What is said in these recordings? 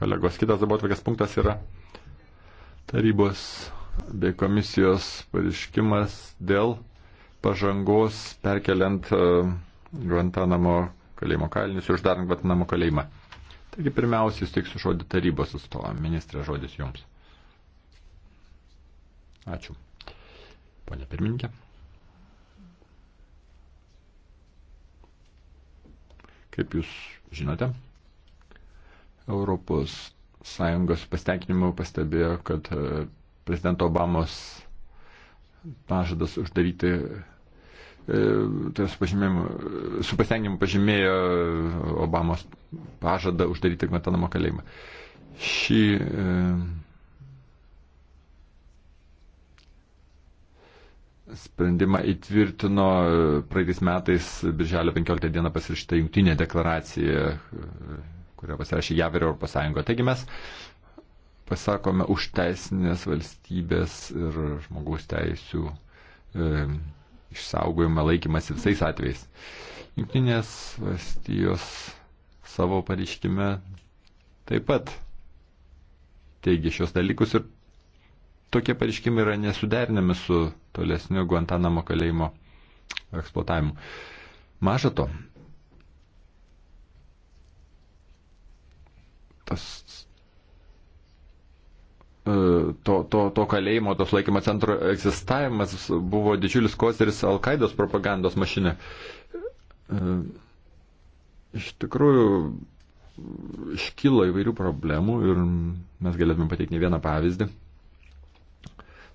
Kolegos, kitas dabar tokias punktas yra tarybos bei komisijos pareiškimas dėl pažangos perkeliant e, Guantanamo kalėjimo kalinius ir uždarant Guantanamo kalėjimą. Taigi pirmiausiai steiksiu žodį tarybos atstovam. Ministrė, žodis jums. Ačiū. Pone pirmininkė. Kaip jūs žinote, Europos Sąjungos pasitenkinimu pastebėjo, kad e, prezidento Obamos pažadas uždaryti e, tas su pasitenkinimu pažymėjo Obamos pažadą uždaryti Gvantanamo kalėjimą. Šį Sprendimą įtvirtino e, praeitais metais, birželio 15 dieną pasirašyta jungtinė deklaracija, e, kurią pasirašė JAV ir Europos Sąjunga. Taigi mes pasakome už teisinės valstybės ir žmogaus teisų e, išsaugojimą laikymasi visais atvejais. Junktinės valstijos savo pareiškime taip pat teigia šios dalykus ir tokie pareiškimai yra nesuderinami su tolesniu Guantanamo kalėjimo eksploatavimu. Maža to, tas e, to, to, to kalėjimo, tos laikymo centro egzistavimas buvo didžiulis kozeris Al-Qaidos propagandos mašinė. E, iš tikrųjų, iškilo įvairių problemų ir mes galėtume pateikti ne vieną pavyzdį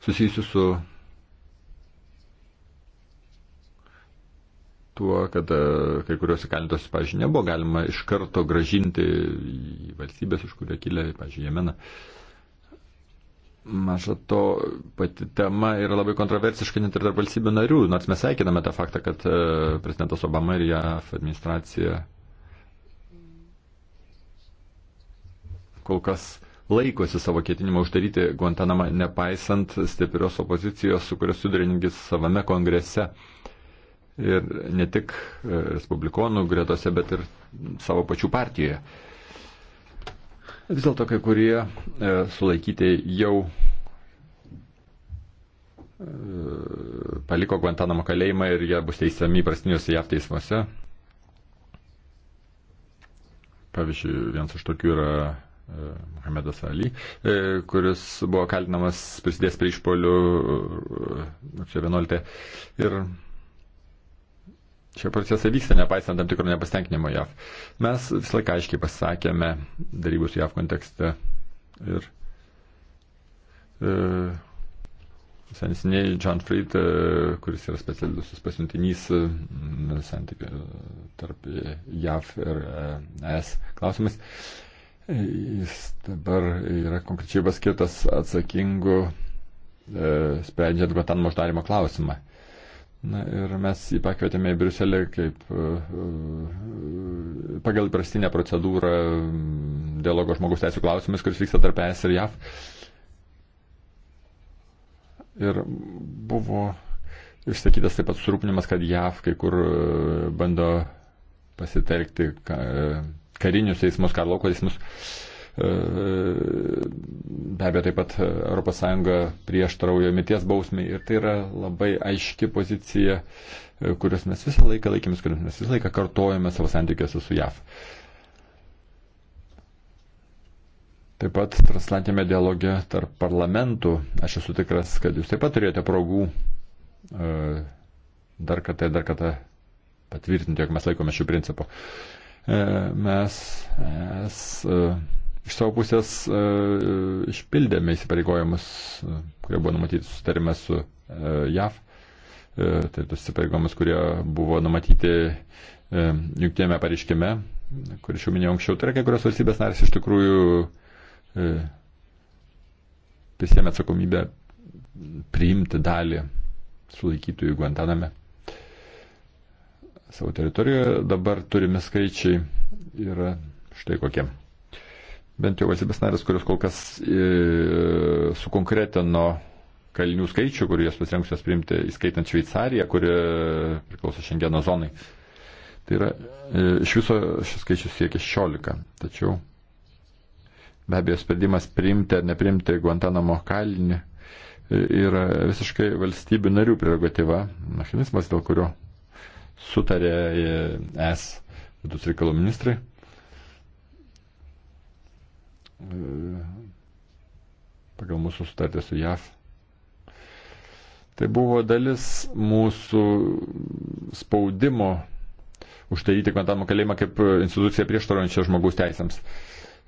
susijusių su tuo, kad e, kai kurios įkalintos, pažiūrėjau, nebuvo galima iš karto gražinti į valstybės, iš kurio kilė, pažiūrėjau, Jemeną. Maža to, pati tema yra labai kontroversiška net ir tarp valstybių narių, nors mes sveikiname tą faktą, kad e, prezidentas Obama ir JAF administracija kol kas laikosi savo ketinimo uždaryti Guantanamą, nepaisant stiprios opozicijos, su kuria sudarininkis savame kongrese. Ir ne tik e, respublikonų gretose, bet ir savo pačių partijoje. Vis dėlto kai kurie e, sulaikyti jau e, paliko Guantanamo kalėjimą ir jie bus teisiami įprastiniuose JAV teismuose. Pavyzdžiui, vienas iš tokių yra E, Mohamedas Ali, e, kuris buvo kaltinamas prisidės prie išpolių čia e, 11. Ir šie procesai vyksta, nepaisant tam tikro nepastenkinimo JAV. Mes visą laiką aiškiai pasakėme darybų su JAV kontekste ir e, Sensiniai John Fried, kuris yra specialusis pasiuntinys santykių tarp JAV ir ES klausimais, e, Jis dabar yra konkrečiai paskirtas atsakingu e, sprendžiant Guantanamo uždarimo klausimą. Na ir mes jį pakvietėme į Briuselį kaip e, e, pagal prastinę procedūrą dialogo žmogus teisų klausimais, kuris vyksta tarp ES ir JAV. Ir buvo išsakytas taip pat surūpinimas, kad JAV kai kur e, bando pasitelkti karinius teismus, karo lauko teismus. E, be abejo, taip pat ES prieštarauja mirties bausmiai ir tai yra labai aiški pozicija, e, kurios mes visą laiką laikėmės, kurios mes visą laiką kartojame savo santykiuose su JAV. Taip pat translantėme dialogę tarp parlamentų. Aš esu tikras, kad jūs taip pat turėjote progų e, dar kartą, dar kartą patvirtinti, jog mes laikome šių principų. E, mes, mes e, e, iš savo pusės išpildėme įsipareigojimus, kurie buvo numatyti sutarime su JAV. Tai tos įsipareigojimus, kurie buvo numatyti jungtėme pareiškime, kurį aš jau minėjau anksčiau, tai yra kai kurios valstybės narės iš tikrųjų prisėmė atsakomybę priimti dalį sulaikytųjų Guantaname savo teritorijoje. Dabar turime skaičiai yra štai kokie. Bent jau valstybės narės, kurios kol kas e, sukonkretino kalinių skaičių, kurį jas pasirengusios priimti, įskaitant Šveicariją, kuri priklauso Šengeno zonai. Tai yra, e, iš viso šis skaičius siekia 16. Tačiau be abejo sprendimas priimti ar neprimti Guantanamo kalinį e, yra visiškai valstybių narių prerogatyva, mechanizmas, dėl kurio sutarė es vidaus reikalų ministrai. Pagal mūsų sutartę su JAV. Tai buvo dalis mūsų spaudimo uždaryti Kvantamo kalėjimą kaip instituciją prieštarojančią žmogaus teisėms.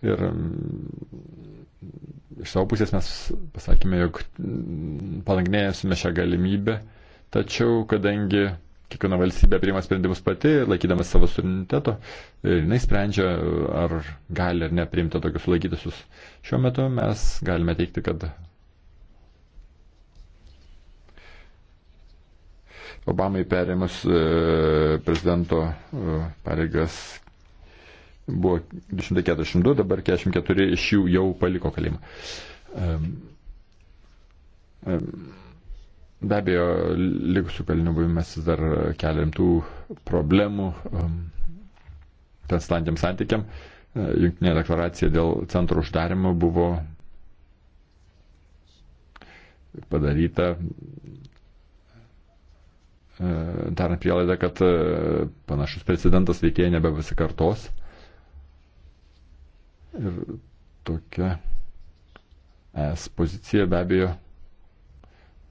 Ir mm, iš savo pusės mes pasakėme, jog panagrinėsime šią galimybę, tačiau kadangi kiekviena valstybė priima sprendimus pati, laikydamas savo suvereniteto, ir jinai sprendžia, ar gali ar ne priimti tokius sulaikytusius. Šiuo metu mes galime teikti, kad Obamai perėmus e, prezidento e, pareigas buvo 242, dabar 44 iš jų jau paliko kalimą. Um, um, Be abejo, likusių kalinių buvimas dar kelia rimtų problemų um, ten standiam santykiam. E, Junktinė deklaracija dėl centro uždarimo buvo padaryta e, darant prielaidą, kad e, panašus precedentas veikėjai nebepasikartos. Ir tokia es pozicija be abejo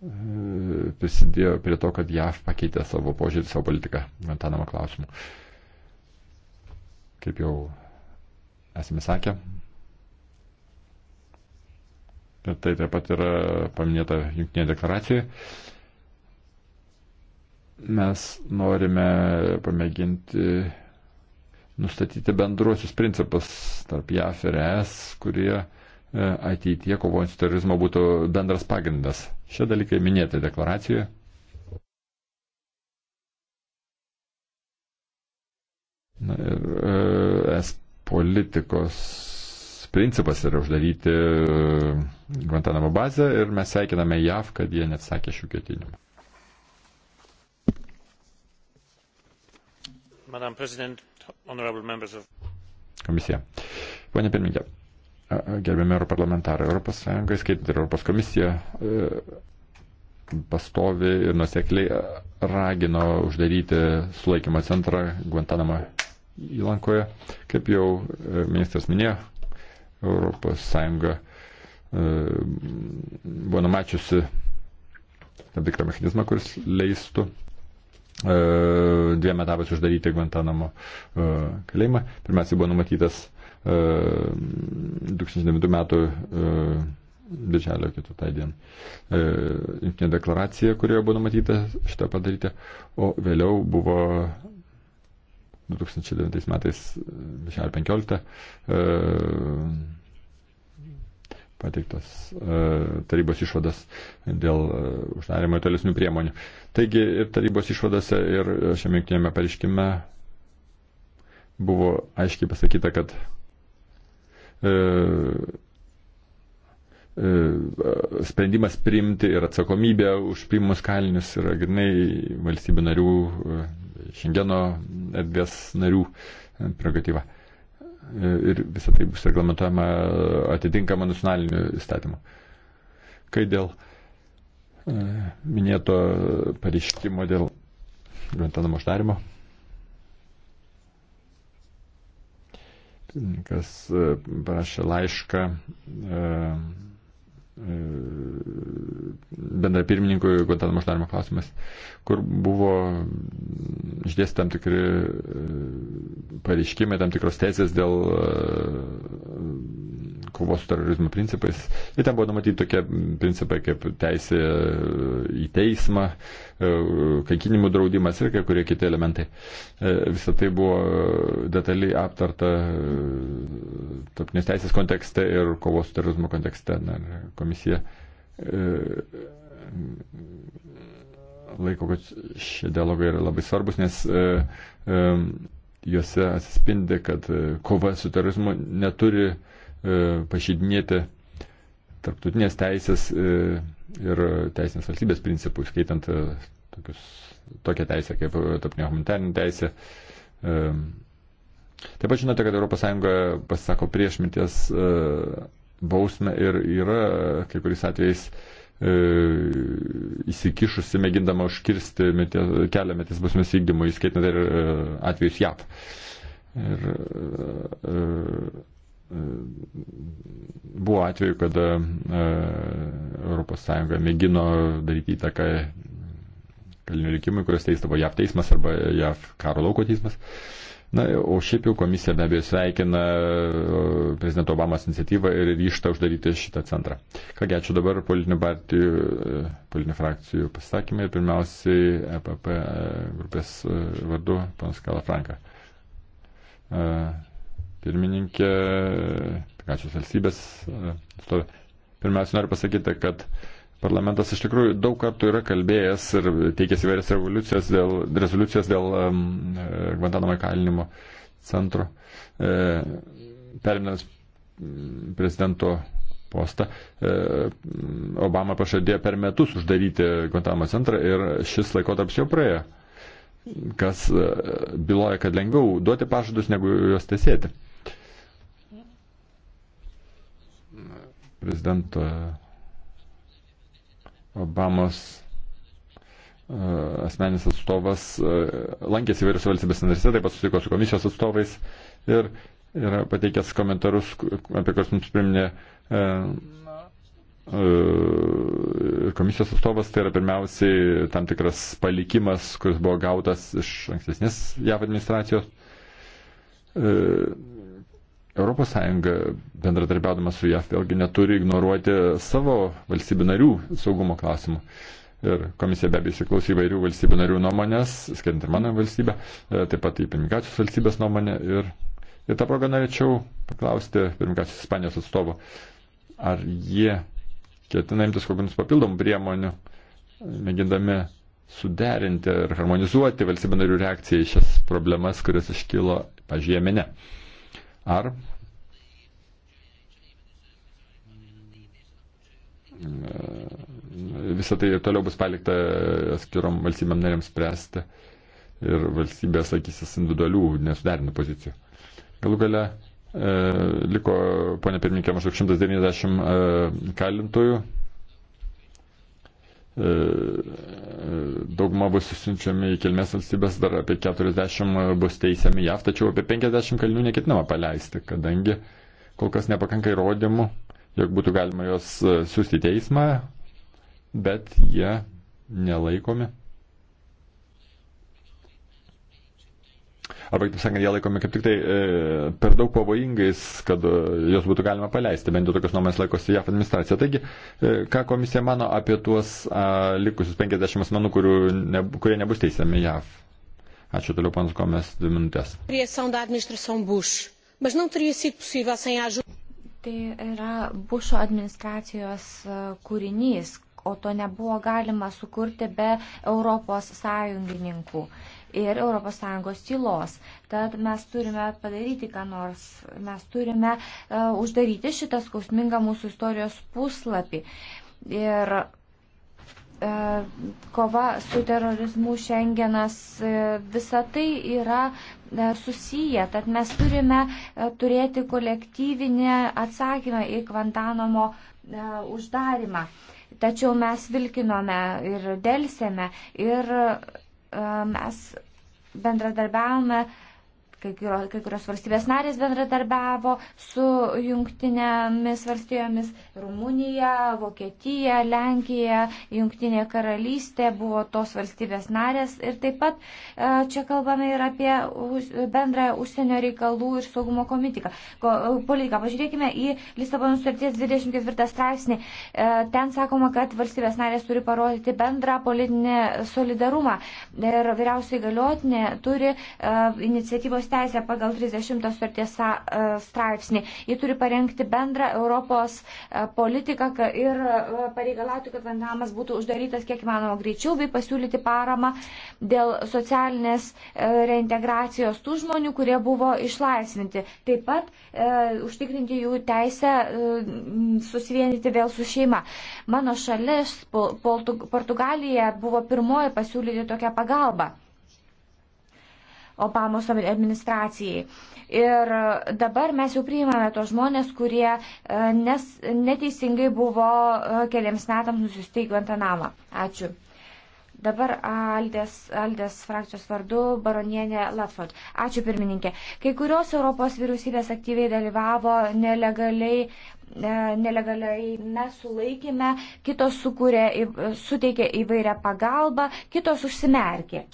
prisidėjo prie to, kad JAV pakeitė savo požiūrį, savo politiką Guantanamo klausimu. Kaip jau esame sakę, ir tai taip pat yra paminėta jungtinėje deklaracijoje, mes norime pamėginti nustatyti bendruosius principus tarp JAF ir ES, kurie uh, E, ateityje kovojant su terorizmu būtų bendras pagrindas. Šie dalykai minėti deklaracijoje. Na ir e, es politikos principas yra uždaryti e, Guantanamo bazę ir mes sveikiname JAV, kad jie net sakė šių ketinimų. Komisija. Pone pirmininkė, gerbiami europarlamentarai, Europos Sąjunga, skaitant ir Europos komisija, e, pastovi ir nusekliai e, ragino uždaryti sulaikymo centrą Guantanamo įlankoje. Kaip jau e, ministras minėjo, Europos Sąjunga buvo numačiusi tam tikrą mechanizmą, kuris leistų dviem etapais uždaryti Guantanamo kalėjimą. Pirmiausia buvo numatytas 2009 e, metų e, birželio ketvirtą dieną. E, Jungtinė deklaracija, kurioje buvo numatyta šitą padaryti, o vėliau buvo 2009 metais birželio 15 pateiktas tarybos išvadas dėl uždarimo tolesnių priemonių. Taigi ir tarybos išvadose, ir šiame jungtinėme pareiškime buvo aiškiai pasakyta, kad E, e, sprendimas priimti ir atsakomybė už priimus kalinius yra grinai valstybių narių, e, Šengeno erdvės narių prerogatyva. Ir visą tai bus reglamentuojama atitinkama nacionaliniu įstatymu. Kai dėl minėto pareiškimo dėl Guantanamo uždarimo pirmininkas e, parašė laišką e, e, bendrapirmininkui Guantanamo uždarimo klausimas, kur buvo išdėsti tam tikri pareiškimai, tam tikros tezės dėl kovos su terorizmo principais. Ir ten buvo numatyti tokie principai kaip teisė į teismą, E, kankinimų draudimas ir kai kurie kiti elementai. E, Visą tai buvo e, detaliai aptarta tarpinės teisės kontekste ir kovos su terorizmu kontekste. Na, komisija laiko, kad šie dialogai yra labai svarbus, nes juose atsispindi, kad kova su terorizmu neturi pažydinėti tarptautinės teisės e, ir teisinės valstybės principų, skaitant e, tokius, tokią teisę kaip e, tarptautinė humanitarinė teisė. Taip pat žinote, kad ES pasisako prieš mirties bausmę ir yra kai kuriais atvejais įsikišusi, mėgindama užkirsti mirties, kelią mirties bausmės vykdymui, skaitant ir atvejus JAP. Ir, ir, buvo atveju, kada ES mėgino daryti įtaką kalinių likimui, kurias teistavo JAV teismas arba JAV karo lauko teismas. Na, o šiaip jau komisija be abejo sveikina e, prezidento Obamos iniciatyvą ir ryštą uždaryti šitą centrą. Kągi, ačiū dabar politinių partijų, e, politinių frakcijų pasisakymai ir pirmiausiai EPP e, grupės vardu, panas Kalafranka pirmininkė, Pikačios valstybės e, atstovė. Pirmiausia, noriu pasakyti, kad parlamentas iš tikrųjų daug kartų yra kalbėjęs ir teikęs įvairias revoliucijas dėl, rezoliucijas dėl um, e, Guantanamo įkalinimo centro, e, periminant prezidento postą. E, Obama pažadėjo per metus uždaryti Guantanamo centrą ir šis laikotarpis jau praėjo, kas byloja, kad lengviau duoti pažadus, negu juos tesėti. prezidento Obamos e, asmenis atstovas e, lankėsi įvairiose valstybės narėse, taip pat susitiko su komisijos atstovais ir yra pateikęs komentarus, apie kuriuos mums priminė e, komisijos atstovas, tai yra pirmiausiai tam tikras palikimas, kuris buvo gautas iš ankstesnės JAV administracijos ES bendradarbiaudama su JAF vėlgi neturi ignoruoti savo valstybių narių saugumo klausimų. Ir komisija be abejo įsiklausė įvairių valstybių narių nuomonės, skaitant ir mano valstybę, e, taip pat į pirmininkacijos valstybės nuomonę. Ir, ir tą progą norėčiau paklausti pirmininkacijos Ispanijos atstovo, ar jie ketina imtis kokių nors papildomų priemonių, mėgindami suderinti ir harmonizuoti valstybių narių reakciją į šias problemas, kurias iškilo pažiemene. Uh, ar visą tai ir toliau bus palikta skirom valstybėm narėms spręsti ir valstybės laikysis individualių nesuderinų pozicijų. Galų gale e, liko, ponė pirmininkė, maždaug 190 e, kalintojų, E, dauguma bus išsiunčiami į kilmės valstybės, dar apie 40 bus teisiami JAV, tačiau apie 50 kalinių neketinama paleisti, kadangi kol kas nepakanka įrodymų, jog būtų galima juos e, siūsti į teismą, bet jie nelaikomi arba, kaip sakant, jie laikomi kaip tik tai e, per daug pavojingais, kad e, jos būtų galima paleisti, bent jau tokios nuomonės laikosi JAF administracija. Taigi, e, ką komisija mano apie tuos a, likusius 50 asmenų, ne, kurie nebus teisiami JAF? Ačiū toliau, panas Komės, dvi minutės. Tai yra Bušo administracijos e, kūrinys, o to nebuvo galima sukurti be Europos sąjungininkų ir ES tylos. Tad mes turime padaryti ką nors, mes turime uh, uždaryti šitą skausmingą mūsų istorijos puslapį. Ir e, kova su terorizmu, Šengenas, e, visa tai yra susiję, tad mes turime turėti kolektyvinį atsakymą į Kvantanomo uždarimą. Tačiau mes vilkinome ir dėlsėme ir mes bendradarbiavome kai kurios valstybės narės bendradarbiavo su jungtinėmis valstybėmis - Rumunija, Vokietija, Lenkija, Jungtinė karalystė buvo tos valstybės narės. Ir taip pat e, čia kalbame ir apie bendrąją užsienio reikalų ir saugumo komitiką. politiką. Pažiūrėkime į Lisabono sutarties 24 straipsnį. E, ten sakoma, kad valstybės narės turi parodyti bendrą politinį solidarumą. Ir vyriausiai galiotinė turi e, iniciatyvos teisę teisę pagal 30 sutarties e, straipsnį. Ji turi parengti bendrą Europos e, politiką ir e, pareigalauti, kad Vandamas būtų uždarytas kiek įmanoma greičiau, bei pasiūlyti paramą dėl socialinės reintegracijos tų žmonių, kurie buvo išlaisvinti. Taip pat e, užtikrinti jų teisę e, susivienyti vėl su šeima. Mano šalis, Portugalija, buvo pirmoji pasiūlyti tokią pagalbą. Obamos administracijai. Ir dabar mes jau priimame tos žmonės, kurie e, nes, neteisingai buvo e, keliams metams nusisteigę Guantanamą. Ačiū. Dabar Aldės, Aldės frakcijos vardu baronienė Latford. Ačiū pirmininkė. Kai kurios Europos vyriausybės aktyviai dalyvavo nelegaliai e, nelegaliai mes sulaikime, kitos sukūrė, suteikė įvairią pagalbą, kitos užsimerkė.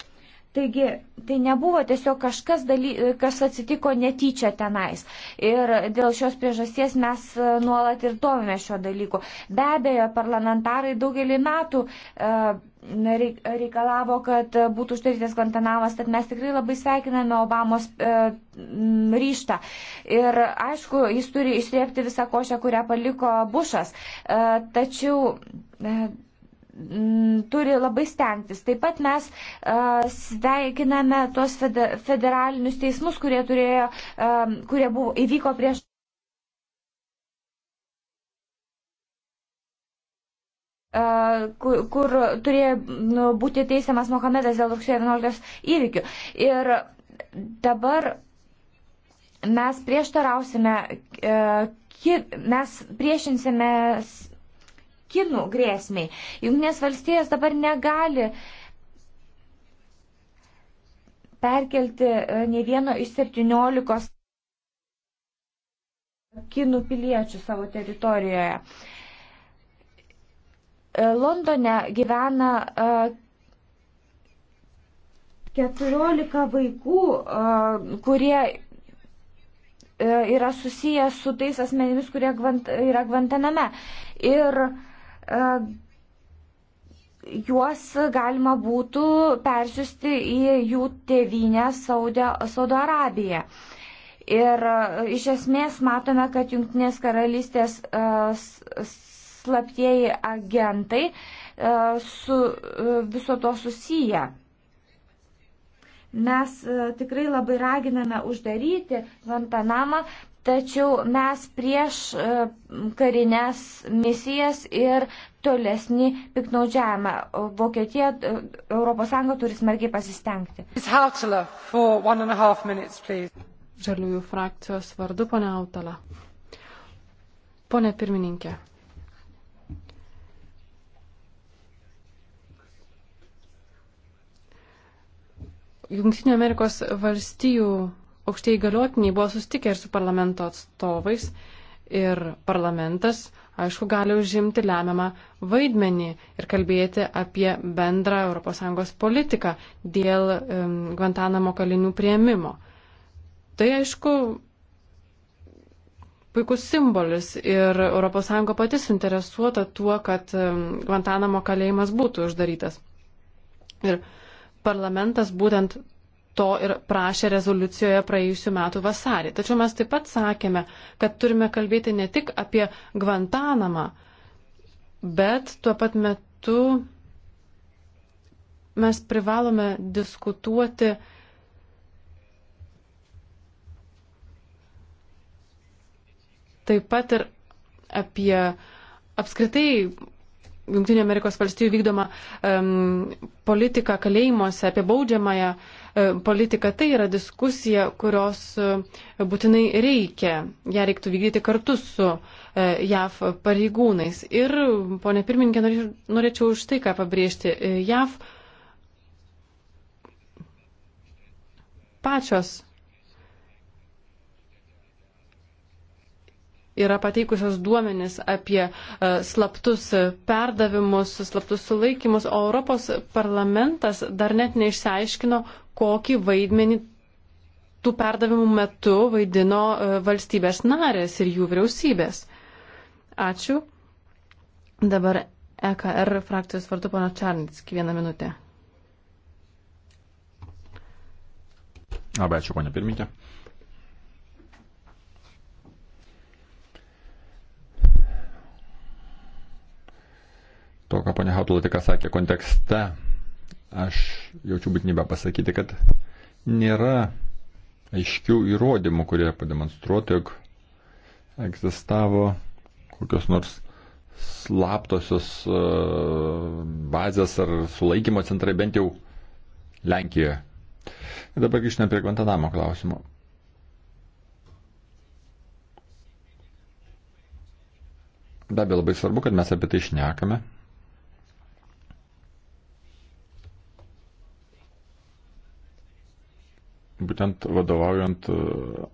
Taigi, tai nebuvo tiesiog kažkas, daly, kas atsitiko netyčia tenais. Ir dėl šios priežasties mes e, nuolat ir domime šio dalyko. Be abejo, parlamentarai daugelį metų. Uh, reikalavo, kad būtų uždarytas Guantanavas, tad mes tikrai labai sveikiname Obamos e, ryštą. Ir aišku, jis turi išliepti visą košę, kurią paliko Bušas. E, tačiau. E, Mm, turi labai stengtis. Taip pat mes uh, sveikiname tuos federalinius teismus, kurie, turėjo, um, kurie buvo, įvyko prieš. Uh, kur, kur turėjo nu, būti teisiamas Mohamedas dėl rugsėjo 11 įvykių. Ir dabar mes prieštarausime, uh, ki, mes priešinsime kinų grėsmiai. Junknės valstijos dabar negali perkelti e, ne vieno iš 17 kinų piliečių savo teritorijoje. E, Londone gyvena 14 e, vaikų, kurie yra susiję su tais asmenimis, kurie yra Gvantaname. Ir E, juos galima būtų persiusti į jų tėvynę Saudo Arabiją. Ir e, iš esmės matome, kad Junktinės karalystės e, slaptieji agentai su viso to susiję. Mes tikrai labai raginame uždaryti Vantanamą, Tačiau mes prieš e, karinės misijas ir tolesnį piknaudžiavimą. Vokietija, ES turi smarkiai pasistengti. Žaliųjų frakcijos vardu, ponia Autala. Pone pirmininkė. Junktinių Amerikos valstijų aukštieji galiotiniai buvo sustikę ir su parlamento atstovais ir parlamentas, aišku, gali užimti lemiamą vaidmenį ir kalbėti apie bendrą ES politiką dėl um, Guantanamo kalinių prieimimo. Tai, aišku, puikus simbolis ir ES pati suinteresuota tuo, kad um, Guantanamo kalėjimas būtų uždarytas. Ir parlamentas būtent to ir prašė rezoliucijoje praėjusiu metu vasarį. Tačiau mes taip pat sakėme, kad turime kalbėti ne tik apie Gvantanamą, bet tuo pat metu mes privalome diskutuoti taip pat ir apie apskritai Junktinių Amerikos valstybių vykdoma um, politika kalėjimuose, apie baudžiamąją um, politiką, tai yra diskusija, kurios um, būtinai reikia. Ja reiktų vykdyti kartu su uh, e, JAV pareigūnais. Ir, ponė pirmininkė, norėčiau už tai, ką pabrėžti. Uh, e, JAV pačios yra pateikusios duomenis apie e, slaptus perdavimus, slaptus sulaikymus, o Europos parlamentas dar net neišsiaiškino, kokį vaidmenį tų perdavimų metu vaidino e, valstybės narės ir jų vyriausybės. Ačiū. Dabar EKR frakcijos vardu pana Čarnitski vieną minutę. Labai ačiū, ponia pirmininkė. to, ką ponia Hautula tik sakė kontekste, aš jaučiu būtinybę pasakyti, kad nėra aiškių įrodymų, kurie pademonstruotų, jog egzistavo kokios nors slaptosios e, bazės ar sulaikymo centrai bent jau Lenkijoje. Ir dabar grįžtame prie Guantanamo klausimo. Be abejo, labai svarbu, kad mes apie tai išnekame, būtent vadovaujant e,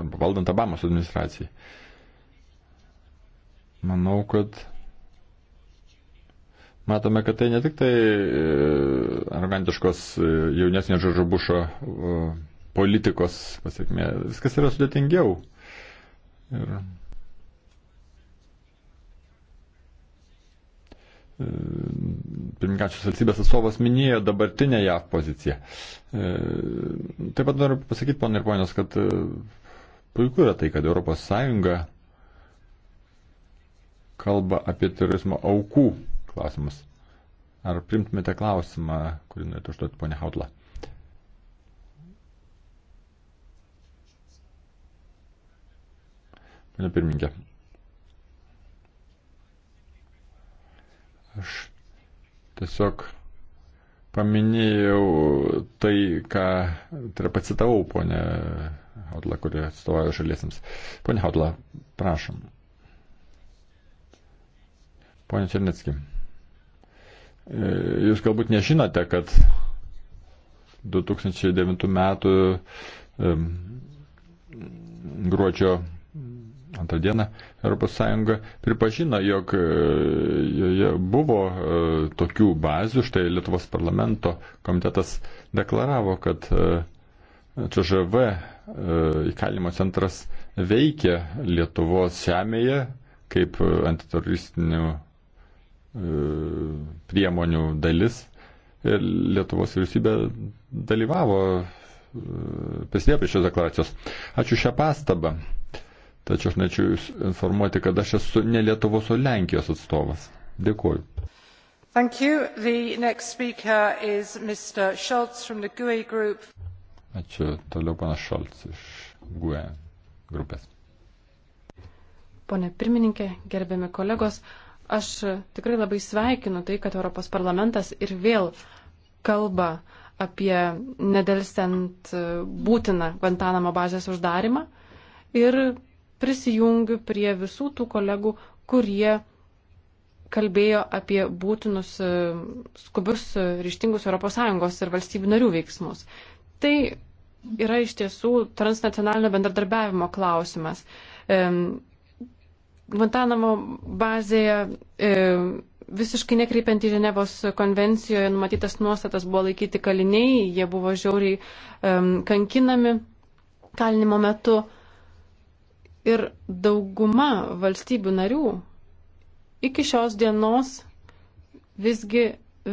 arba valdant Obamos administracijai. Manau, kad matome, kad tai ne tik tai e, arogantiškos e, jaunesnio Žoržo Bušo politikos pasiekmė, viskas yra sudėtingiau. Ir Ehm, pirmininkačios valstybės atstovas minėjo dabartinę JAV poziciją. Ehm, taip pat noriu pasakyti, ponai ir ponios, kad e, puiku yra tai, kad ES kalba apie terorizmo aukų klausimus. Ar primtumėte klausimą, kurį norėtų užduoti ponia Hautla? Pane pirmininkė, Aš tiesiog paminėjau tai, ką, tai yra pacitavau, ponė Hautla, kuri atstovauja žaliesiams. Pone Hautla, prašom. Pone Černetski, e, jūs galbūt nežinote, kad 2009 metų gruodžio antrą dieną ES pripažino, jog e, joje buvo e, tokių bazių, štai Lietuvos parlamento komitetas deklaravo, kad e, ČŽV įkalinimo centras veikia Lietuvos žemėje kaip antiteroristinių priemonių dalis. Ir Lietuvos vyriausybė dalyvavo prisidėjo prie šios deklaracijos. Ačiū šią pastabą. Tačiau aš norėčiau Jūs informuoti, kad aš esu ne Lietuvos, o Lenkijos atstovas. Dėkuoju. E Ačiū. Toliau panas Šolts iš GUE grupės. Pone pirmininkė, gerbiami kolegos, aš tikrai labai sveikinu tai, kad Europos parlamentas ir vėl kalba apie nedelsiant būtiną Guantanamo bazės uždarimą. Ir prisijungiu prie visų tų kolegų, kurie kalbėjo apie būtinus e, skubius e, ryštingus ES ir valstybių narių veiksmus. Tai yra iš tiesų transnacionalinio bendradarbiavimo klausimas. Guantanamo bazėje e, visiškai nekreipiant į Ženevos konvencijoje numatytas nuostatas buvo laikyti kaliniai, jie buvo žiauriai kankinami kalinimo metu. Ir dauguma valstybių narių iki šios dienos visgi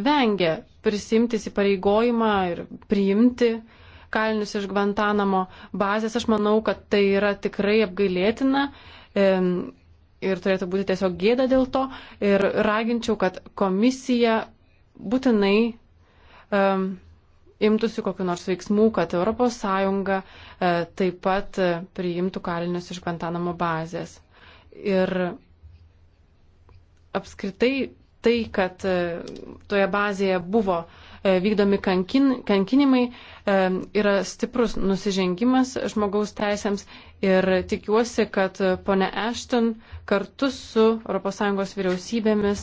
vengia prisimti įsipareigojimą ir priimti kalinius iš Gvantanamo bazės. Aš manau, kad tai yra tikrai apgailėtina ir turėtų būti tiesiog gėda dėl to. Ir raginčiau, kad komisija būtinai um, imtųsi kokiu nors veiksmų, kad ES e, taip pat e, priimtų kalinius iš Guantanamo bazės. Ir apskritai tai, kad e, toje bazėje buvo vykdomi kankin, kankinimai, yra stiprus nusižengimas žmogaus teisėms ir tikiuosi, kad pone Ashton kartu su ES vyriausybėmis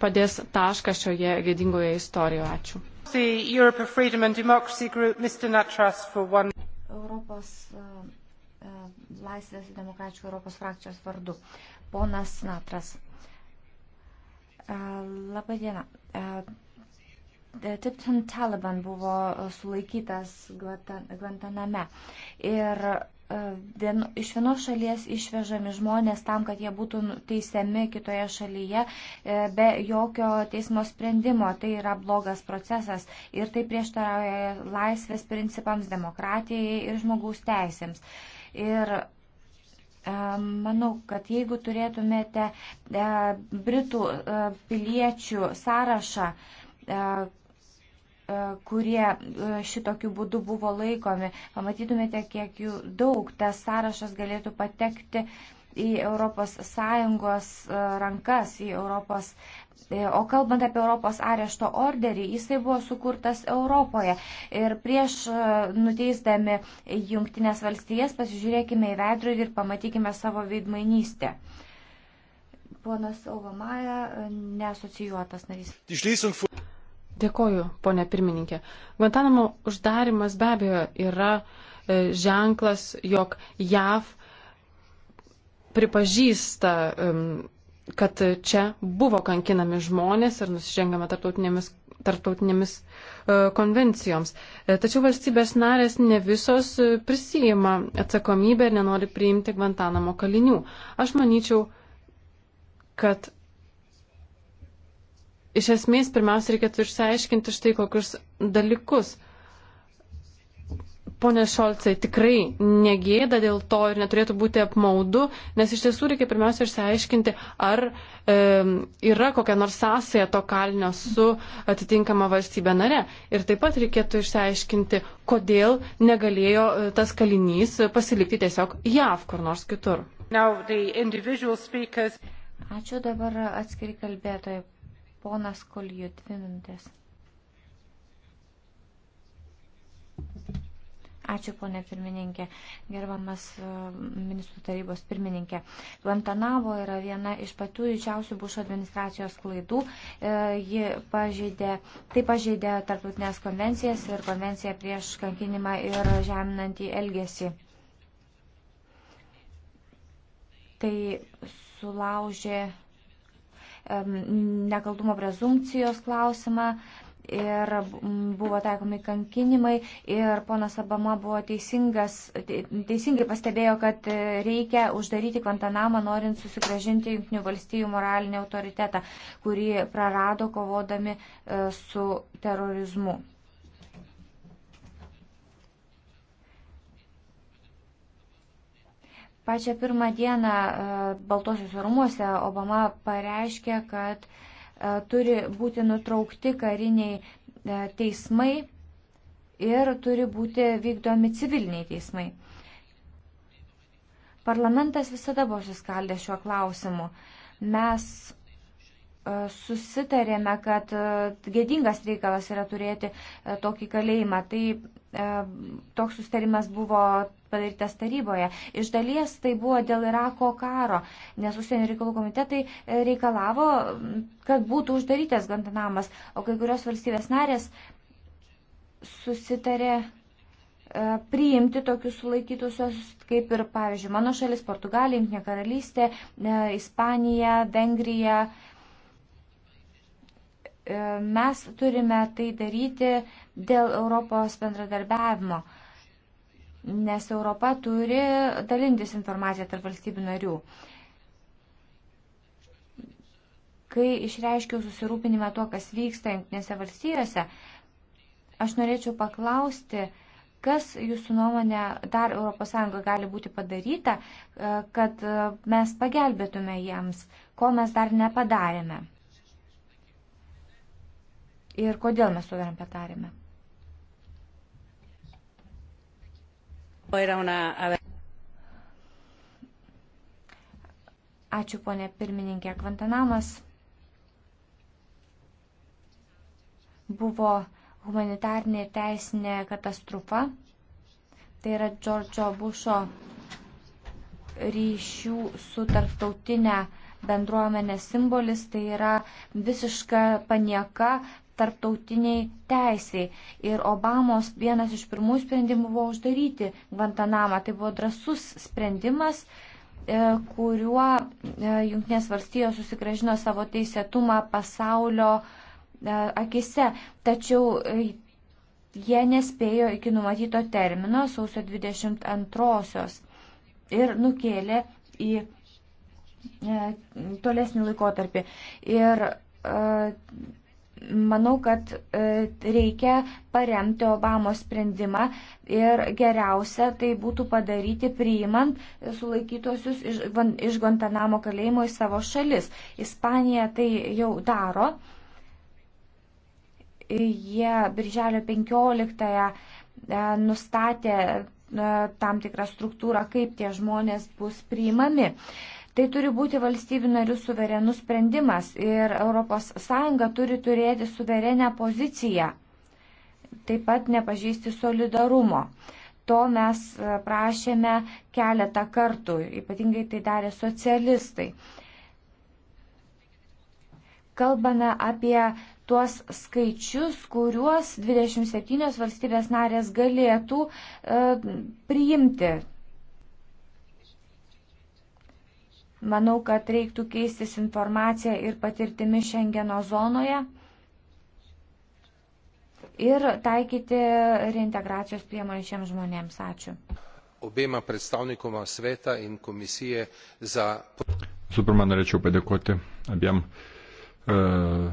padės tašką šioje gėdingoje istorijoje. Ačiū the Europe of Freedom and Democracy Group, Mr. Natras, for one. Europos e, e, laisvės demokračių Europos frakcijos vardu. Ponas Natras. E, Labai diena. Tipton Taliban buvo sulaikytas Guantaname. Ir vien, iš vienos šalies išvežami žmonės tam, kad jie būtų teisiami kitoje šalyje e, be jokio teismo sprendimo. Tai yra blogas procesas ir tai prieštarauja laisvės principams, demokratijai ir žmogaus teisėms. Ir e, Manau, kad jeigu turėtumėte e, Britų piliečių sąrašą, E, kurie e, šitokiu būdu buvo laikomi. Pamatytumėte, kiek jų daug. Tas sąrašas galėtų patekti į ES e, rankas, į Europos. O kalbant apie Europos arešto orderį, jisai buvo sukurtas Europoje. Ir prieš nuteisdami Junktinės valstijas pasižiūrėkime į veidrodį ir pamatykime savo veidmainystę. Ponas Ovamaja, nesocijuotas narys. Dėkoju, ponė pirmininkė. Guantanamo uždarimas be abejo yra e, ženklas, jog JAV pripažįsta, kad čia buvo kankinami žmonės ir nusižengiama tarptautinėmis, tarptautinėmis e, konvencijoms. E, tačiau valstybės narės ne visos prisijima atsakomybę ir nenori priimti Guantanamo kalinių. Aš manyčiau, kad iš esmės pirmiausia reikėtų išsiaiškinti štai kokius dalykus. Pone Šolcai, tikrai negėda dėl to ir neturėtų būti apmaudu, nes iš tiesų reikia pirmiausia išsiaiškinti, ar e, yra kokia nors sąsaja to kalinio su atitinkama valstybė nare. Ir taip pat reikėtų išsiaiškinti, kodėl negalėjo e, tas kalinys pasilikti tiesiog JAV kur nors kitur. Now, Ačiū dabar atskiri kalbėtojai. Ponas Kolijų, dvi minutės. Ačiū, ponė pirmininkė, gerbamas e, ministrų tarybos pirmininkė. Guantanamo yra viena iš pačių didžiausių Bušo administracijos klaidų. E, ji pažeidė, tai pažeidė tarptautinės konvencijas ir konvenciją prieš kankinimą ir žeminantį elgesį. Tai sulaužė nekaltumo prezumcijos klausimą ir buvo taikomi kankinimai ir ponas Obama buvo teisingas, teisingai pastebėjo, kad reikia uždaryti Kvantanamą, norint susigražinti Junktinių valstybių moralinį autoritetą, kurį prarado kovodami e, su terorizmu. Pačią pirmą dieną e, Baltosios rūmose Obama pareiškė, kad e, turi būti nutraukti kariniai e, teismai ir turi būti vykdomi civiliniai teismai. Parlamentas visada buvo suskaldęs šiuo klausimu. Mes susitarėme, kad gėdingas reikalas yra turėti tokį kalėjimą. Tai toks sustarimas buvo padarytas taryboje. Iš dalies tai buvo dėl Irako karo, nes užsienio reikalų komitetai e, reikalavo, kad būtų uždarytas Gantanamas, o kai kurios valstybės narės susitarė e, priimti tokius sulaikytusios, kaip ir, pavyzdžiui, mano šalis, Portugalija, Junktinė karalystė, e, Ispanija, Vengrija. Mes turime tai daryti dėl Europos bendradarbiavimo nes Europa turi dalintis informaciją tarp valstybių narių. Kai išreiškiau susirūpinimą tuo, kas vyksta jungtinėse valstijose, aš norėčiau paklausti, kas jūsų nuomonė dar ES gali būti padaryta, e, kad e, mes pagelbėtume jiems, ko mes dar nepadarėme ir kodėl mes to dar nepadarėme. Ačiū, ponė pirmininkė Kvantanamas. Buvo humanitarnė teisinė katastrofa. Tai yra Džordžo Bušo ryšių su tarptautinė bendruomenė simbolis. Tai yra visiška panieka tarptautiniai teisiai. Ir Obamos vienas iš pirmųjų sprendimų buvo uždaryti Guantanamą. Tai buvo drasus sprendimas e, kuriuo e, Junktinės valstijos susigražino savo teisėtumą pasaulio e, akise. Tačiau jie nespėjo iki numatyto termino sausio 22-osios ir nukėlė į tolesnį laikotarpį. Ir Manau, kad e, reikia paremti Obamos sprendimą ir geriausia tai būtų padaryti priimant sulaikytosius iš, iš Guantanamo kalėjimo į savo šalis. Ispanija tai jau daro. Jie birželio 15 e, nustatė e, tam tikrą struktūrą, kaip tie žmonės bus priimami. Uh, Tai turi būti valstybių narių suverenus sprendimas ir ES turi turėti suverenę poziciją, taip pat nepažįsti solidarumo. To mes e, prašėme keletą kartų, ypatingai tai darė socialistai. Kalbame apie tuos skaičius, kuriuos 27 valstybės narės galėtų e, priimti Manau, kad reiktų keistis informaciją ir patirtimi Šengeno zonoje ir taikyti reintegracijos priemonę šiems žmonėms. Ačiū. Obėma predstavnikoma sveta in komisije za. Visų pirma, norėčiau padėkoti abiem uh,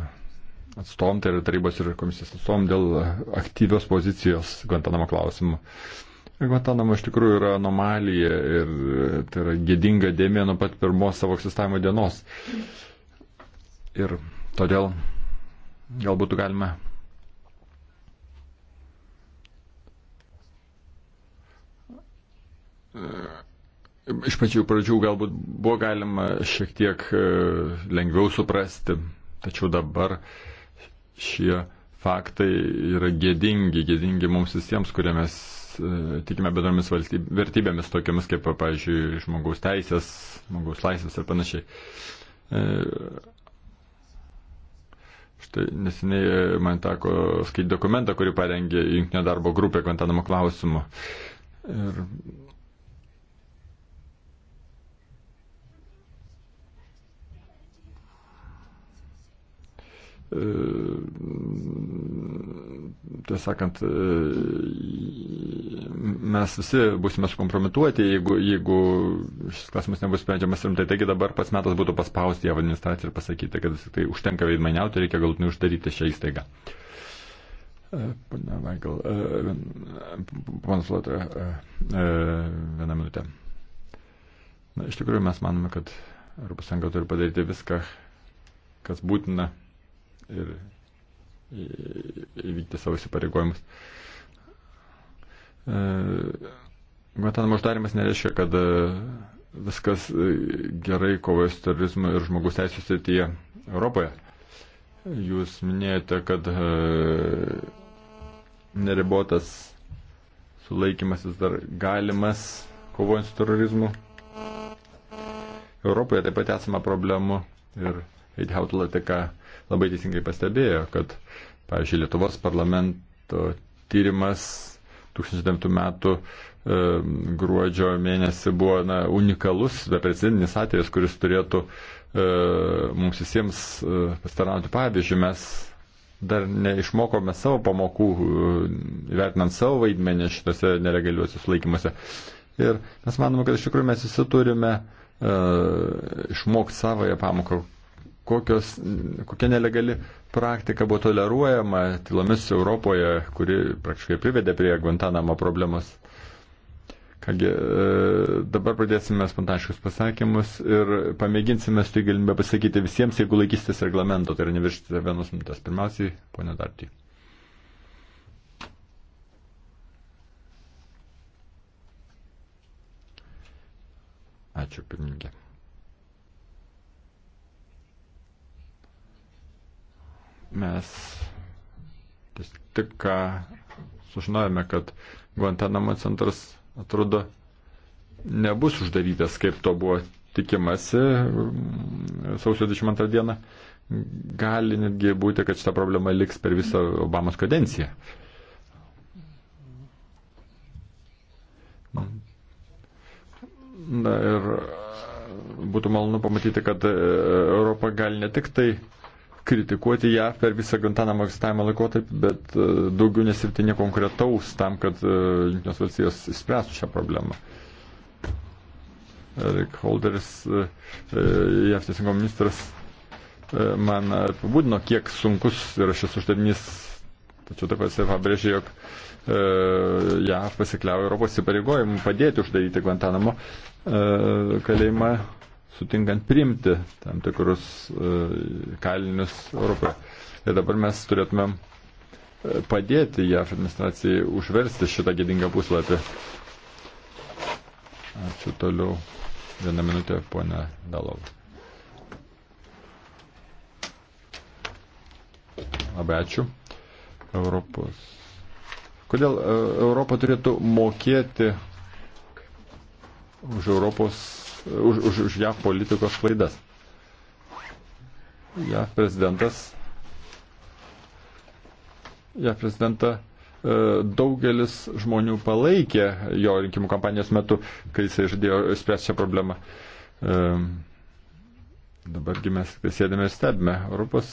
atstovom, tai yra tarybos ir komisijos atstovom, dėl aktyvios pozicijos Guantanamo klausimu. Uh, Gvantanamo iš tikrųjų yra anomalija ir e, tai yra gėdinga dėmė nuo pat pirmos savo egzistavimo dienos. Ir todėl galbūt galime iš pačių pradžių galbūt buvo galima šiek tiek e, lengviau suprasti, tačiau dabar šie faktai yra gėdingi, gėdingi mums visiems, kurie mes E, tikime bendromis vertybėmis, tokiamis kaip, pavyzdžiui, žmogaus teisės, žmogaus laisvės ir panašiai. E, štai neseniai e, man teko skaityti dokumentą, kurį parengė Junktinė darbo grupė Guantanamo klausimu. Ir tai sakant, e, mes visi būsime sukompromituoti, jeigu, jeigu šis klausimas nebus sprendžiamas rimtai. Taigi dabar pats metas būtų paspausti jav administraciją ir pasakyti, kad tai užtenka veidmainiauti, reikia galutinai uždaryti šią įstaigą. E, Pane Vaigel, e, ponas Lotė, vieną minutę. Na, iš tikrųjų mes manome, kad ES turi padaryti viską, kas būtina ir įvykti e, savo įsipareigojimus. E, Guantanamo uždarimas nereiškia, kad e, viskas gerai kovoje su terorizmu ir žmogus teisų srityje Europoje. Jūs minėjote, kad neribotas sulaikimasis dar galimas kovojant su terorizmu. Europoje taip pat esama problemų ir Eidhaut Latika labai teisingai pastebėjo, kad, pavyzdžiui, Lietuvos parlamento tyrimas 2009 metų e, gruodžio mėnesį buvo na, unikalus, beprecedentinis atvejis, kuris turėtų e, mums visiems e, pastarnauti pavyzdžių. Mes dar neišmokome savo pamokų, vertinant savo vaidmenį šitose nelegaliuosius laikymuose. Ir mes manome, kad iš tikrųjų mes visi turime uh, išmokti savoje pamoką, kokios, kokia nelegali praktika buvo toleruojama tylomis Europoje, kuri praktiškai privedė prie Guantanamo problemos. Kągi, e, dabar pradėsime spontaniškus pasakymus ir pamėginsime su tai galimybę pasakyti visiems, jeigu laikysitės reglamento, tai yra neviršite vienos minutės. Pirmiausiai, ponė Dartį. Ačiū, pirmininkė. Mes tik ką sužinojome, kad Guantanamo centras atrodo nebus uždarytas, kaip to buvo tikimasi sausio 22 dieną. Gali netgi būti, kad šita problema liks per visą Obamos kadenciją. Na ir būtų malonu pamatyti, kad Europa gali ne tik tai kritikuoti ją per visą Guantanamo egzistavimo laikotarpį, bet e, daugiau nesirti nieko konkretaus tam, kad e, Junktinės valstijos spręstų šią problemą. Rick Holderis, e, JAV teisingo ministras, man apibūdino, kiek sunkus yra šis uždavinys, tačiau taip pat jisai pabrėžė, jog JAV pasikliavo Europos įpareigojimu padėti uždaryti Guantanamo kalėjimą sutinkant priimti tam tikrus e, kalinius Europoje. Ir dabar mes turėtumėm e, padėti JAF administracijai užversti šitą gėdingą puslapį. Ačiū toliau. Vieną minutę, ponia Dalova. Labai ačiū. Europos. Kodėl e, Europa turėtų mokėti už Europos už, už, už JAV politikos klaidas. JAV prezidentas. JAV prezidentą e, daugelis žmonių palaikė jo rinkimų kampanijos metu, kai jisai žadėjo spręsti šią problemą. E, dabargi mes tai sėdėme ir stebime. Europos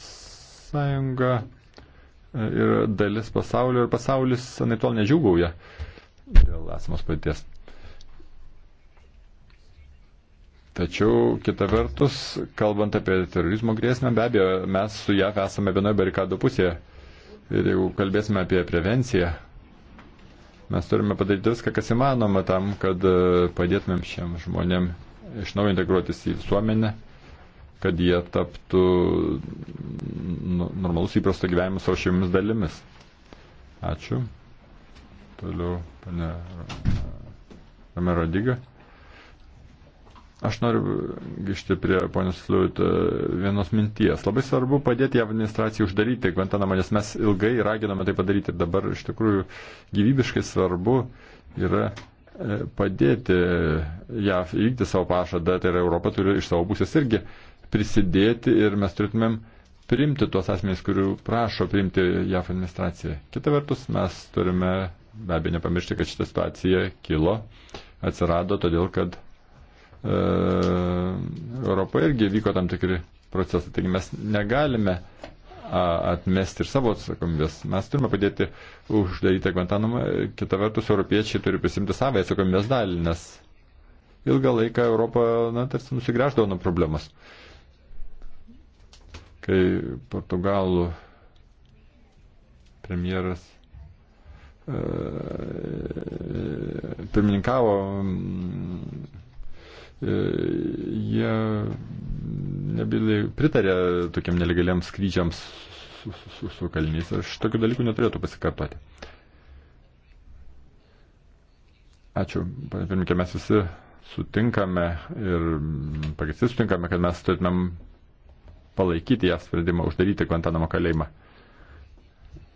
Sąjunga e, ir dalis pasaulio ir pasaulis anaip tol nežiūgauja dėl esamos padėties. Tačiau kita vertus, kalbant apie terorizmo grėsmę, be abejo, mes su JAV esame vienoje barikadų pusėje. Ir jeigu kalbėsime apie prevenciją, mes turime padaryti viską, kas įmanoma tam, kad e, padėtumėm šiem žmonėm iš naujo integruotis į visuomenę, kad jie taptų nu, normalus įprasto gyvenimo savo šeimomis dalimis. Ačiū. Toliau, pane Ramero Diga. Aš noriu grįžti prie ponios Fliut e, vienos minties. Labai svarbu padėti administracijai uždaryti Guantanamą, nes mes ilgai raginome tai padaryti ir dabar iš tikrųjų gyvybiškai svarbu yra e, padėti JAV įvykti savo pažadą, tai yra Europa turi iš savo pusės irgi prisidėti ir mes turėtumėm priimti tuos asmenys, kurių prašo priimti JAV administracija. Kita vertus, mes turime be abejo nepamiršti, kad šita situacija kilo, atsirado todėl, kad E, Europoje irgi vyko tam tikri procesai. Taigi mes negalime atmesti ir savo atsakomybės. Mes turime padėti uždaryti Guantanamą. Kita vertus, europiečiai turi prisimti savo atsakomybės dalį, nes ilgą laiką Europą, na, tarsi nusigręždavo nuo problemos. Kai Portugalų premjeras e, e pirmininkavo m, E, jie nebiliai pritarė tokiam nelegaliam skrydžiams su, su, su, su kaliniais. Aš tokių dalykų neturėtų pasikartoti. Ačiū, panė pirmininkė, mes visi sutinkame ir mm, pagrįstai sutinkame, kad mes turėtumėm palaikyti ją sprendimą uždaryti Guantanamo kalėjimą.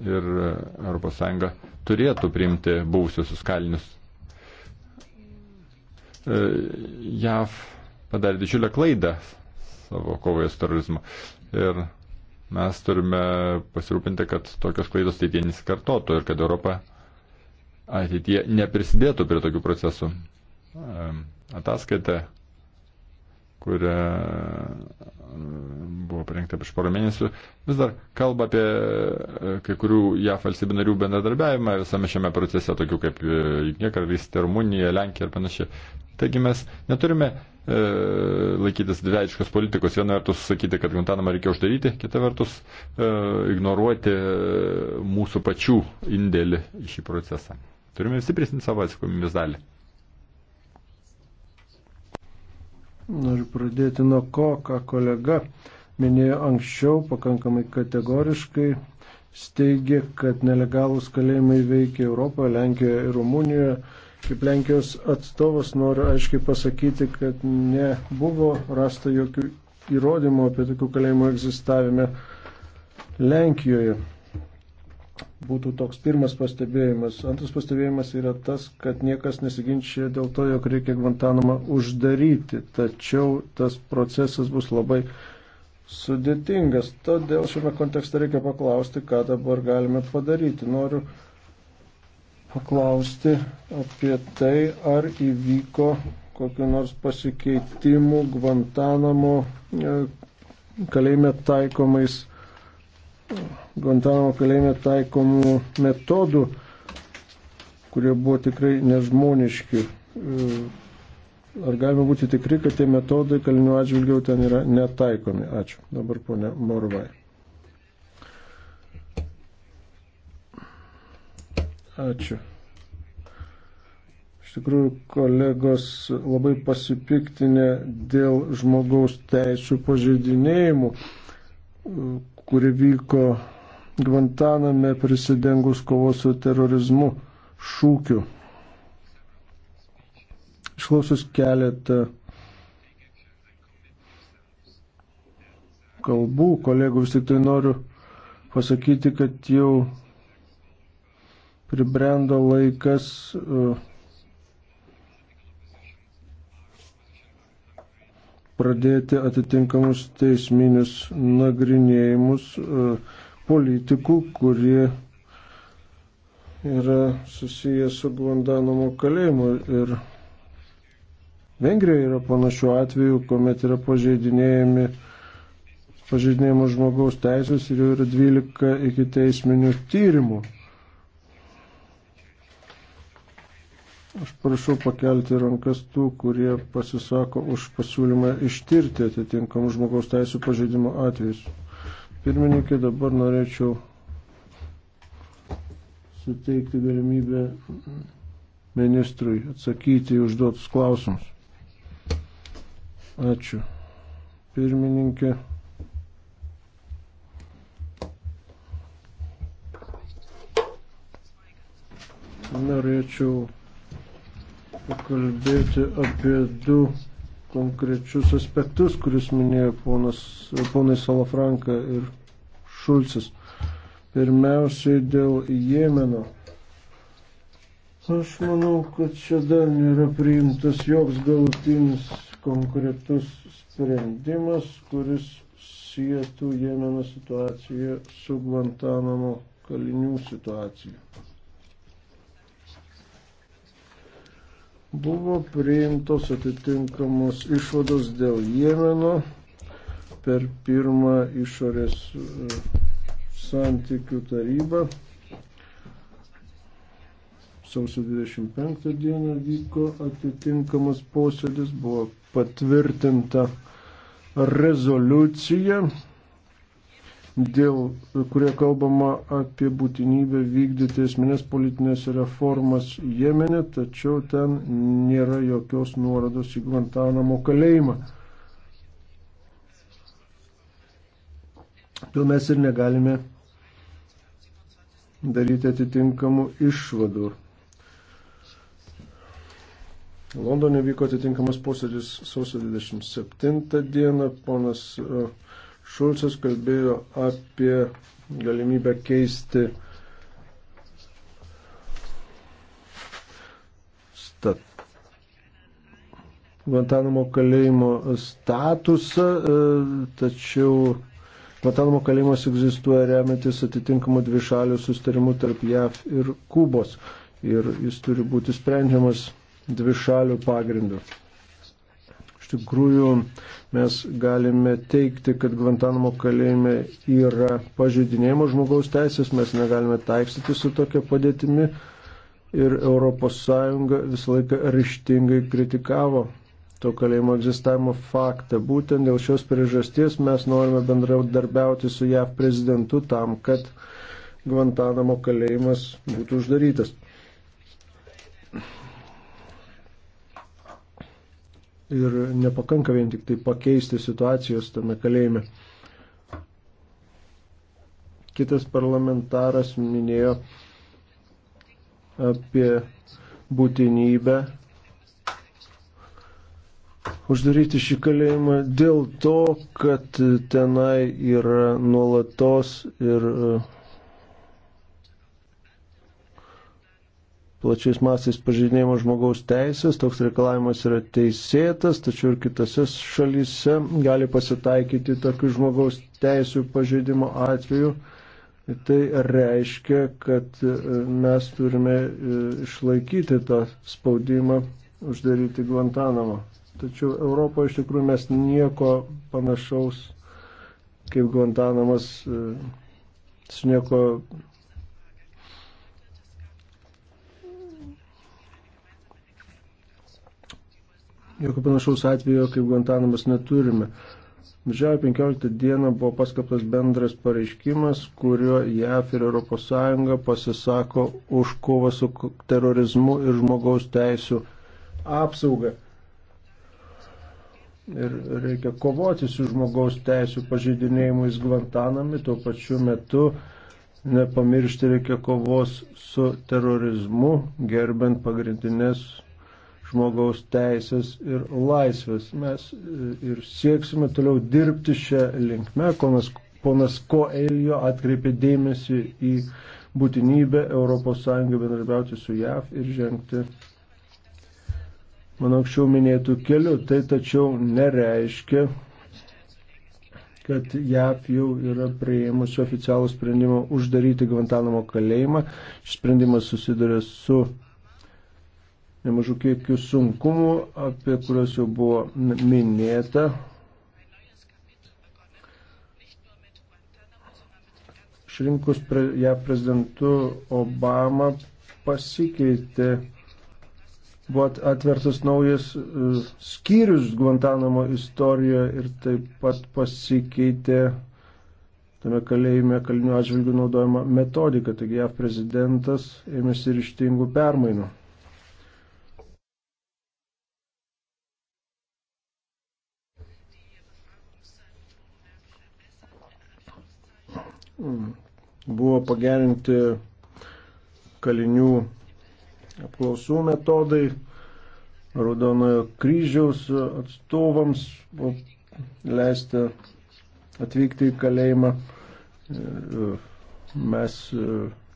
Ir ES turėtų priimti buvusius kalinius E, JAV padarė didžiulę klaidą savo kovoje su terorizmu. Ir mes turime pasirūpinti, kad tokios klaidos ateitie nesikartotų ir kad Europa ateitie neprisidėtų prie tokių procesų. E, ataskaita, kuria e, buvo parengta prieš porą mėnesių, vis dar kalba apie kai kurių JAF valstybių narių bendradarbiavimą visame šiame procese, tokių kaip Junktinė karalystė, Rumunija, Lenkija ir panašiai. Taigi mes neturime e, laikytis dviečiškos politikos. Viena vertus sakyti, kad Guantanamą reikia uždaryti, kita vertus e, ignoruoti e, mūsų pačių indėlį į šį procesą. Turime visi prisimti savo atsakomybės dalį. Noriu pradėti nuo ko, ką kolega minėjo anksčiau pakankamai kategoriškai, steigė, kad nelegalus kalėjimai veikia Europoje, Lenkijoje ir Rumunijoje Kaip Lenkijos atstovas noriu aiškiai pasakyti, kad nebuvo rasta jokių įrodymų apie tokių kalėjimų egzistavimą Lenkijoje. Būtų toks pirmas pastebėjimas. Antras pastebėjimas yra tas, kad niekas nesiginčia dėl to, jog reikia Guantanamą uždaryti, tačiau tas procesas bus labai sudėtingas. Todėl šiame kontekste reikia paklausti, ką dabar galime padaryti. Noriu paklausti apie tai, ar įvyko kokiu nors pasikeitimu Guantanamo e, kalėjime taikomais, Guantanamo kalėjime taikomų metodų, kurie buvo tikrai nežmoniški. E, ar galime būti tikri, kad tie metodai kalinių atžvilgiau ten yra netaikomi? Ačiū. Dabar ponia Morvai. Ačiū. Iš tikrųjų, kolegos labai pasipiktinę dėl žmogaus teisų pažeidinėjimų, kuri vyko Gvantaname prisidengus kovos su terorizmu šūkiu. Išklausus keletą kalbų, kolegų vis tik tai noriu pasakyti, kad jau pribrendo laikas e, pradėti atitinkamus teisminius nagrinėjimus e, politikų, kurie yra susijęs su Guantanamo kalėjimu. Ir Vengrija yra panašių atvejų, kuomet yra pažeidinėjami pažeidinėjimo žmogaus teisės ir jau yra 12 iki teisminių tyrimų. Aš prašau pakelti rankas tų, kurie pasisako už pasiūlymą ištirti atitinkamų žmogaus teisų pažeidimo atvejus. Pirmininkė, dabar norėčiau suteikti galimybę ministrui atsakyti į užduotus klausimus. Ačiū. Pirmininkė. Norėčiau pakalbėti apie du konkrečius aspektus, kuriuos minėjo ponas, ponai Salafranka ir Šulcis. Pirmiausiai dėl Jemeno. Aš manau, kad čia dar nėra priimtas joks galutinis konkretus sprendimas, kuris sietų Jemeno situaciją su Guantanamo kalinių situacija. Buvo priimtos atitinkamos išvados dėl Jemeno per pirmą išorės e, santykių tarybą. Sausio 25 dieną vyko atitinkamas posėdis, buvo patvirtinta rezoliucija dėl kurie kalbama apie būtinybę vykdyti esminės politinės reformas Jemenė, tačiau ten nėra jokios nuorodos į Guantanamo kalėjimą. Todėl mes ir negalime daryti atitinkamų išvadų. Londone vyko atitinkamas posėdis sausio 27 dieną, ponas uh, Šulcas kalbėjo apie galimybę keisti stat... Guantanamo kalėjimo statusą, e, tačiau Guantanamo kalėjimas egzistuoja remiantis atitinkamų dvišalių sustarimų tarp JAV ir Kubos ir jis turi būti sprendžiamas dvišalių pagrindų. Iš tikrųjų, mes galime teikti, kad Guantanamo kalėjime yra pažeidinėjimo žmogaus teisės, mes negalime taikstyti su tokia padėtimi ir ES visą laiką ryštingai kritikavo to kalėjimo egzistavimo faktą. Būtent dėl šios priežasties mes norime bendraudarbiauti su JAV prezidentu tam, kad Guantanamo kalėjimas būtų uždarytas. ir nepakanka vien tik tai pakeisti situacijos tame kalėjime. Kitas parlamentaras minėjo apie būtinybę uždaryti šį kalėjimą dėl to, kad tenai yra nuolatos ir uh, plačiais masės pažeidinėjimo žmogaus teisės, toks reikalavimas yra teisėtas, tačiau ir kitose šalyse gali pasitaikyti tokių žmogaus teisų pažeidimo atveju. Tai reiškia, kad e, mes turime e, išlaikyti tą spaudimą uždaryti Guantanamo. Tačiau Europoje iš tikrųjų mes nieko panašaus kaip Guantanamas e, su nieko Jokio panašaus atvejo kaip Guantanamas neturime. Birželio 15 dieną buvo paskaptas bendras pareiškimas, kuriuo JAF ir ES pasisako už kovą su terorizmu ir žmogaus teisų apsaugą. Ir reikia kovoti su žmogaus teisų pažeidinėjimais Guantanami, tuo pačiu metu nepamiršti reikia kovos su terorizmu, gerbent pagrindinės žmogaus teisės ir laisvės. Mes e, ir sieksime toliau dirbti šią linkmę, ponas, ponas Koelio atkreipė dėmesį į būtinybę ES bendradarbiauti su JAV ir žengti, manau, anksčiau minėtų kelių. Tai tačiau nereiškia, kad JAV jau yra prieimusi oficialų sprendimą uždaryti Guantanamo kalėjimą. Šis sprendimas susiduria su nemažų kiekių sunkumų, apie kuriuos jau buvo minėta. Išrinkus pre, ją prezidentu Obama pasikeitė, buvo atvertas naujas uh, skyrius Guantanamo istorijoje ir taip pat pasikeitė tame kalėjime kalinių atžvilgių naudojama metodika, taigi JAV prezidentas ėmėsi ryštingų permainų. buvo pagerinti kalinių apklausų metodai, Raudonojo kryžiaus atstovams buvo leista atvykti į kalėjimą. Mes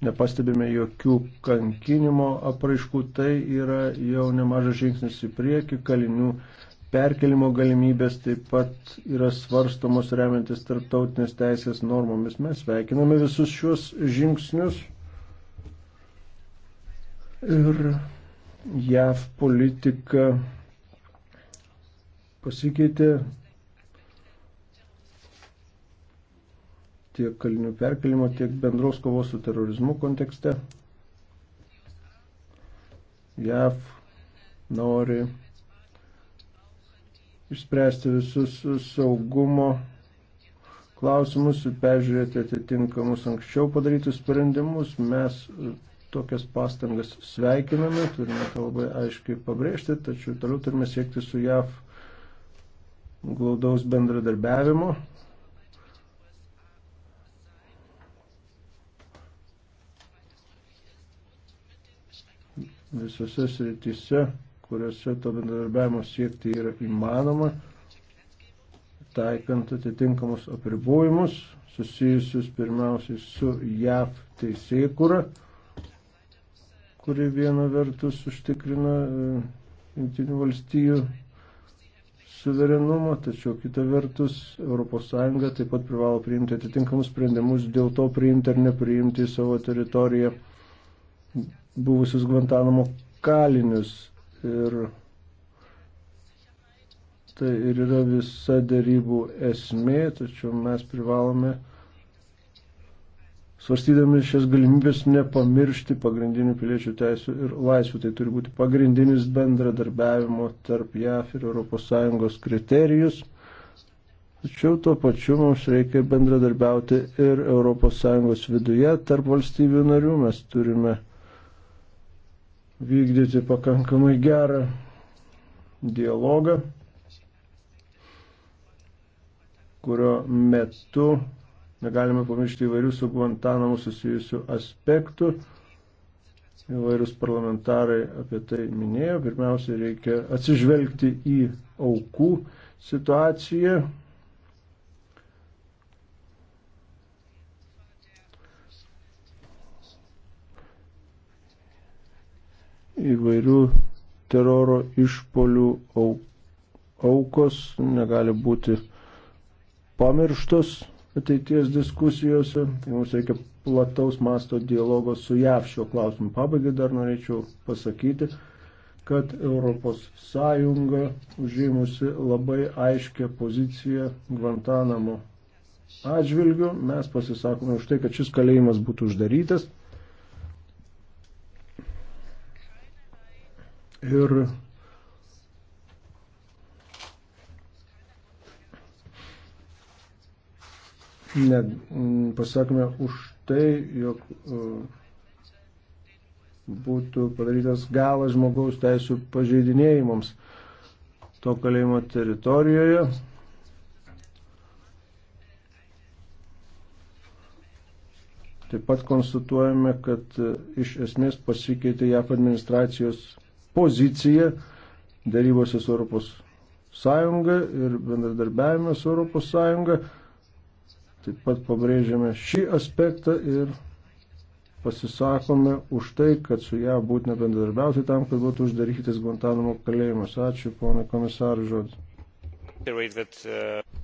nepastebime jokių kankinimo apraiškų, tai yra jau nemažas žingsnis į priekį, kalinių perkelimo galimybės taip pat yra svarstomos remiantis tarptautinės teisės normomis. Mes sveikiname visus šiuos žingsnius ir JAV politika pasikeitė tiek kalinių perkelimo, tiek bendros kovos su terorizmu kontekste. JAV nori išspręsti visus saugumo klausimus ir peržiūrėti atitinkamus anksčiau padarytus sprendimus. Mes e, tokias pastangas sveikiname, turime tą tai labai aiškiai pabrėžti, tačiau toliau turime siekti su JAV glaudaus bendradarbiavimo. Visose srityse kuriuose to bendradarbiavimo siekti yra įmanoma, taikant atitinkamus apribojimus susijusius pirmiausiai su JAV teisėkura, kuri viena vertus užtikrina e, Junktinių valstijų suverenumą, tačiau kita vertus ES taip pat privalo priimti atitinkamus sprendimus dėl to priimti ar nepriimti į savo teritoriją buvusius Guantanamo kalinius ir tai ir yra visa darybų esmė, tačiau mes privalome svarstydami šias galimybės nepamiršti pagrindinių piliečių teisų ir laisvių. Tai turi būti pagrindinis bendradarbiavimo tarp JAF ir ES kriterijus. Tačiau tuo pačiu mums reikia bendradarbiauti ir ES viduje tarp valstybių narių. Mes turime vykdyti pakankamai gerą dialogą, kurio metu negalime pamiršti įvairių su Guantanamu susijusių aspektų. Įvairius parlamentarai apie tai minėjo. Pirmiausia, reikia atsižvelgti į aukų situaciją, įvairių teroro išpolių aukos negali būti pamirštos ateities diskusijose. Mums reikia plataus masto dialogo su JAV šio klausimu. Pabaigai dar norėčiau pasakyti, kad Europos Sąjunga užėmusi labai aiškę poziciją Guantanamo atžvilgiu. Mes pasisakome už tai, kad šis kalėjimas būtų uždarytas. ir ne, mm, pasakome už tai, jog e, būtų padarytas galas žmogaus teisų pažeidinėjimams to kalėjimo teritorijoje. Taip pat konstatuojame, kad e, iš esmės pasikeitė JAF administracijos poziciją darybose su Europos Sąjunga ir bendradarbiavime su Europos Sąjunga. Taip pat pabrėžiame šį aspektą ir pasisakome už tai, kad su ją būtina bendradarbiauti tam, kad būtų uždarytas Guantanamo kalėjimas. Ačiū, ponai komisarai, žodis.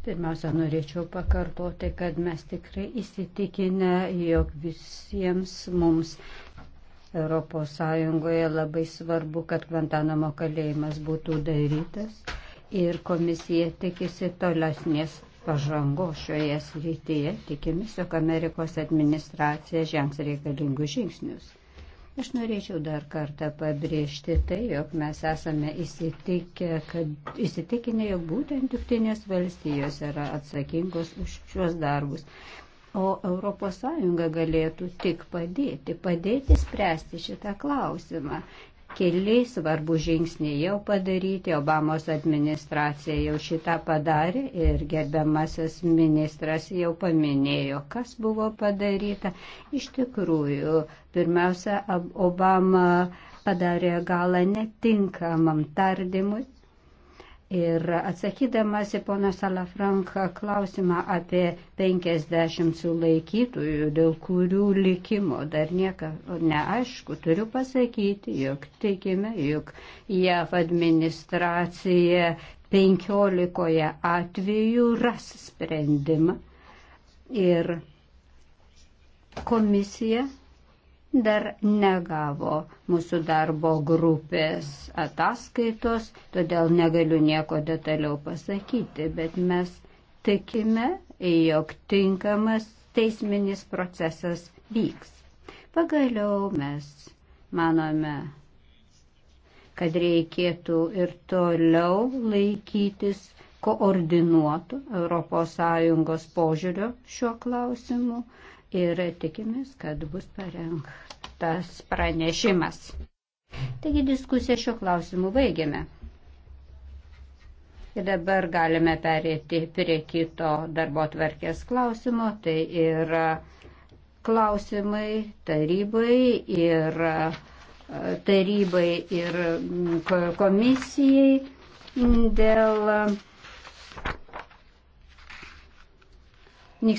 Pirmiausia, norėčiau pakartoti, kad mes tikrai įsitikinę, jog visiems mums ES labai svarbu, kad Guantanamo kalėjimas būtų darytas ir komisija tikisi tolesnės pažangos šioje srityje. Tikimės, jog Amerikos administracija žengs reikalingus žingsnius. Aš norėčiau dar kartą pabrėžti tai, jog mes esame įsitikę, kad, įsitikinę, jog būtent Junktinės valstijos yra atsakingos už šios darbus o ES galėtų tik padėti, padėti spręsti šitą klausimą. Keli svarbų žingsniai jau padaryti, Obamos administracija jau šitą padarė ir gerbiamasis ministras jau paminėjo, kas buvo padaryta. Iš tikrųjų, pirmiausia, Obama padarė galą netinkamam tardymui, Ir atsakydamas į pono Salafranką klausimą apie 50 sulaikytųjų, dėl kurių likimo dar nieka neaišku, turiu pasakyti, jog tikime, jog JAV administracija 15 atvejų ras sprendimą. Ir komisija dar negavo mūsų darbo grupės ataskaitos, todėl negaliu nieko detaliau pasakyti, bet mes tikime, jog tinkamas teisminis procesas vyks. Pagaliau mes manome, kad reikėtų ir toliau laikytis koordinuotų ES požiūrio šiuo klausimu ir tikimės, kad bus parengtas pranešimas. Taigi diskusiją šio klausimu baigėme. Ir dabar galime perėti prie kito darbo tvarkės klausimo. Tai yra klausimai tarybai ir tarybai ir komisijai dėl